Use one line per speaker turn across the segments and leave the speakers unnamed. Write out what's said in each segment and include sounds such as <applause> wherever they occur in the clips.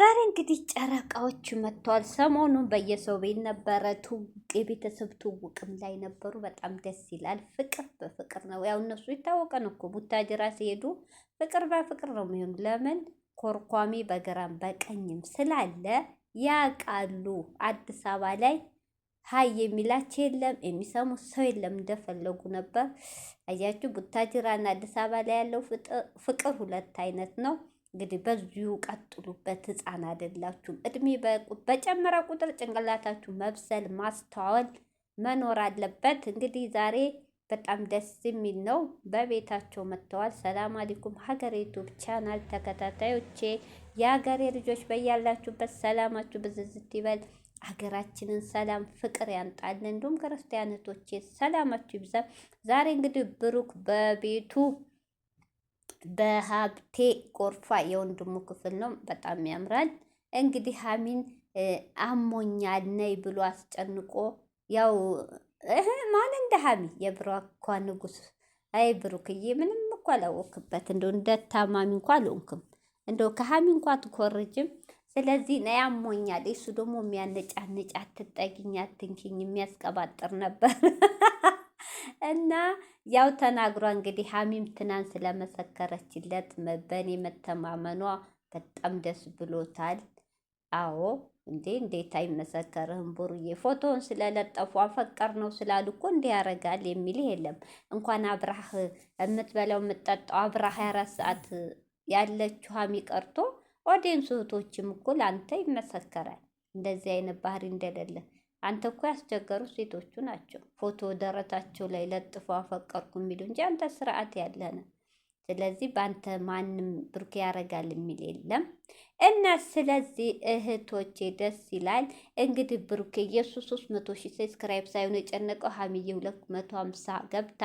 ዛሬ እንግዲህ ጨረቃዎች መጥተዋል። ሰሞኑን በየሰው ቤት ነበረ የቤተሰብ ትውቅም ላይ ነበሩ። በጣም ደስ ይላል። ፍቅር በፍቅር ነው። ያው እነሱ ይታወቀ ነው እኮ ቡታጅራ ሲሄዱ ፍቅር በፍቅር ነው የሚሆኑ። ለምን ኮርኳሚ በግራም በቀኝም ስላለ ያቃሉ አዲስ አበባ ላይ ሀይ የሚላቸው የለም፣ የሚሰሙት ሰው የለም። እንደፈለጉ ነበር። አያችሁ ቡታጅራና አዲስ አበባ ላይ ያለው ፍቅር ሁለት አይነት ነው። እንግዲህ በዚሁ ቀጥሉበት። ህፃን አይደላችሁም። እድሜ በጨመረ ቁጥር ጭንቅላታችሁ መብሰል፣ ማስተዋወል መኖር አለበት። እንግዲህ ዛሬ በጣም ደስ የሚል ነው። በቤታቸው መጥተዋል። ሰላም አለይኩም ሀገሬ ዩቱብ ቻናል ተከታታዮቼ የሀገሬ ልጆች በያላችሁበት ሰላማችሁ ብዝዝት ይበል። ሀገራችንን ሰላም ፍቅር ያምጣልን። እንዲሁም ክርስቲያኖቶቼ ሰላማችሁ ይብዛ። ዛሬ እንግዲህ ብሩክ በቤቱ በሀብቴ ጎርፋ የወንድሙ ክፍል ነው። በጣም ያምራል። እንግዲህ ሀሚን አሞኛል ነይ ብሎ አስጨንቆ ያው ማን እንደ ሀሚ የብሯኳ ንጉስ። አይ ብሩክዬ ምንም እኮ አላወክበት እንደው እንደ ታማሚ እንኳ አልሆንክም። እንደው ከሀሚ እንኳ አትኮርጅም። ስለዚህ ነይ አሞኛል። እሱ ደግሞ የሚያነጫነጫ አትጠጊኝ፣ አትንኪኝ የሚያስቀባጥር ነበር። <laughs> እና ያው ተናግሯ እንግዲህ ሀሚም ትናንት ስለመሰከረችለት በእኔ መተማመኗ በጣም ደስ ብሎታል። አዎ እንዴ እንዴት አይመሰከርህም? ቡሩዬ ፎቶውን ስለለጠፉ አፈቀር ነው ስላሉ እኮ እንዲህ ያደርጋል የሚል የለም። እንኳን አብራህ የምትበላው የምትጠጣው አብራህ የአራት ሰዓት ያለችው ሀሚ ቀርቶ ኦዲየንስ እህቶችም እኮ ለአንተ ይመሰከራል እንደዚህ አይነት ባህሪ እንደሌለ አንተ እኮ ያስቸገሩ ሴቶቹ ናቸው። ፎቶ ደረታቸው ላይ ለጥፎ አፈቀርኩ የሚሉ እንጂ አንተ ስርዓት ያለ ነው ስለዚህ በአንተ ማንም ብሩክ ያደርጋል የሚል የለም እና ስለዚህ እህቶቼ ደስ ይላል። እንግዲህ ብሩኬ የእሱ ሶስት መቶ ሺህ ሰብስክራይብ ሳይሆን የጨነቀው ሀሚዬ ሁለት መቶ ገብታ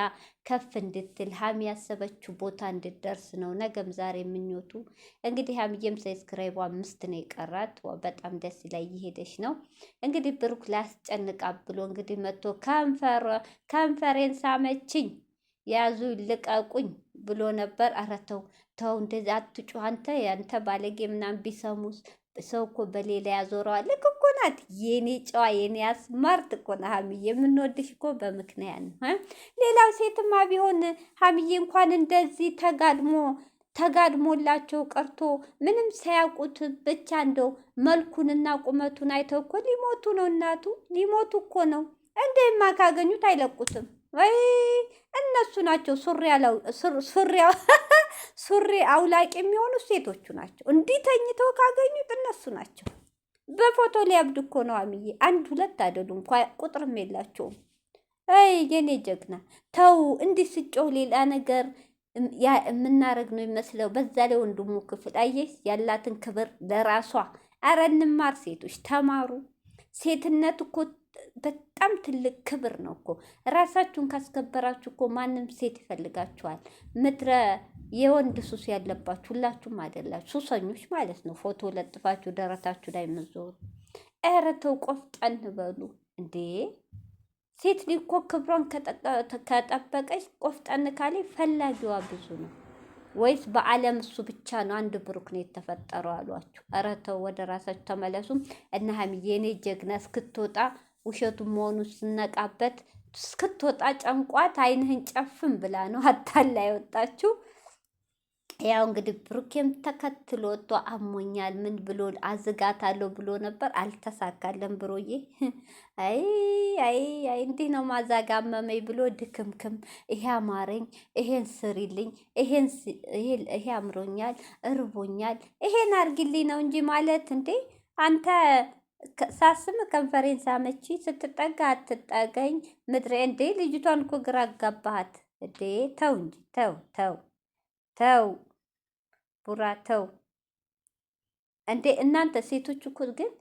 ከፍ እንድትል ሀሚ ያሰበችው ቦታ እንድደርስ ነው ነገም ዛሬ የምኞቱ። እንግዲህ ሀሚዬም ሰብስክራይቡ አምስት ነው የቀራት። በጣም ደስ ላይ እየሄደች ነው እንግዲህ ብሩክ ላስጨንቃ ብሎ እንግዲህ መቶ ከንፈሬን ሳመችኝ ያዙ ልቀቁኝ ብሎ ነበር። ኧረ ተው ተው፣ እንደዚህ አንተ ያንተ ባለጌ ምናምን ቢሰሙስ ሰው እኮ በሌላ ያዞረዋል። ልክ እኮ ናት የኔ ጨዋ የኔ አስማርት እኮ ናት የምንወድሽ እኮ በምክንያት ነው። ሌላው ሴትማ ቢሆን ሀምዬ እንኳን እንደዚህ ተጋድሞ ተጋድሞላቸው ቀርቶ ምንም ሳያውቁት ብቻ እንደው መልኩንና ቁመቱን አይተው እኮ ሊሞቱ ነው እናቱ ሊሞቱ እኮ ነው። እንደማ ካገኙት አይለቁትም። ወይ እነሱ ናቸው <laughs> ሱሪ አውላቂ የሚሆኑ ሴቶቹ ናቸው። እንዲህ ተኝተው ካገኙት እነሱ ናቸው። በፎቶ ሊያብድ እኮ ነው አምዬ። አንድ ሁለት አይደሉም፣ ቁጥርም የላቸውም። አይ የኔ ጀግና ተው፣ እንዲህ ስጮህ ሌላ ነገር የምናረግ ነው ይመስለው። በዛ ላይ ወንድሙ ክፍል አየሽ ያላትን ክብር ለራሷ። አረ እንማር ሴቶች ተማሩ። ሴትነት እኮ በጣም ትልቅ ክብር ነው እኮ። ራሳችሁን ካስከበራችሁ እኮ ማንም ሴት ይፈልጋችኋል። ምድረ የወንድ ሱስ ያለባችሁ ሁላችሁም አይደላችሁ፣ ሱሰኞች ማለት ነው። ፎቶ ለጥፋችሁ ደረታችሁ ላይ የምዞሩ ኧረ ተው፣ ቆፍጠን በሉ እንዴ! ሴት ልጅ እኮ ክብሯን ከጠበቀች ቆፍጠን ካለ ፈላጊዋ ብዙ ነው። ወይስ በዓለም እሱ ብቻ ነው አንድ ብሩክ ነው የተፈጠረው አሏችሁ? ኧረ ተው፣ ወደ ራሳችሁ ተመለሱም እና ሀሚዬ የኔ ጀግና እስክትወጣ ውሸቱ መሆኑ ስነቃበት እስክትወጣ ጨንቋት አይንህን ጨፍን ብላ ነው አታላ ያወጣችው። ያው እንግዲህ ብሩኬም ተከትሎ ወጥቶ አሞኛል ምን ብሎ አዝጋታለሁ ብሎ ነበር፣ አልተሳካለም። ብሮዬ አይ አይ አይ እንዲህ ነው ማዛጋ አመመኝ ብሎ ድክምክም፣ ይሄ አማረኝ፣ ይሄን ስሪልኝ፣ ይሄ አምሮኛል፣ እርቦኛል፣ ይሄን አርግልኝ ነው እንጂ ማለት እንዴ አንተ ሳስም ከንፈሬን ሳመች። ስትጠጋ አትጠገኝ ምድሬ። እንዴ ልጅቷን እኮ ግራ አጋባሃት እንዴ! ተው እንጂ ተው ተው ተው ቡራ ተው እንዴ! እናንተ ሴቶች እኮ ግን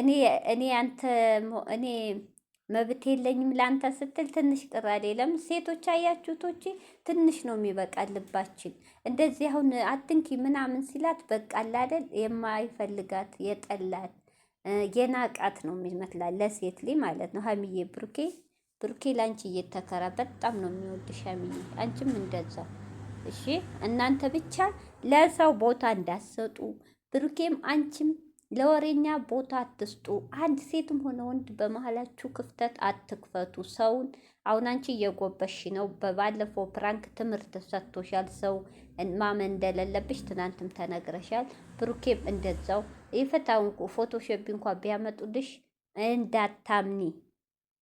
እኔ እኔ አንተ እኔ መብት የለኝም ለአንተ ስትል ትንሽ ቅራል የለም። ሴቶች አያችሁቶች ትንሽ ነው የሚበቃ ልባችን። እንደዚህ አሁን አትንኪ ምናምን ሲላት በቃ አይደል የማይፈልጋት የጠላት የናቃት ነው የሚመስላት ለሴት ልጅ ማለት ነው። ሀሚዬ ብሩኬ ብሩኬ ላንቺ እየተከራ በጣም ነው የሚወድሽ ሀሚዬ፣ አንቺም እንደዛ እሺ። እናንተ ብቻ ለሰው ቦታ እንዳሰጡ ብሩኬም አንቺም ለወሬኛ ቦታ አትስጡ። አንድ ሴትም ሆነ ወንድ በመሀላችሁ ክፍተት አትክፈቱ። ሰውን አሁን አንቺ እየጎበሽ ነው። በባለፈው ፕራንክ ትምህርት ሰጥቶሻል፣ ሰው ማመን እንደሌለብሽ ትናንትም ተነግረሻል። ብሩኬም እንደዛው የፈታውን ፎቶሾፕ እንኳ ቢያመጡልሽ እንዳታምኒ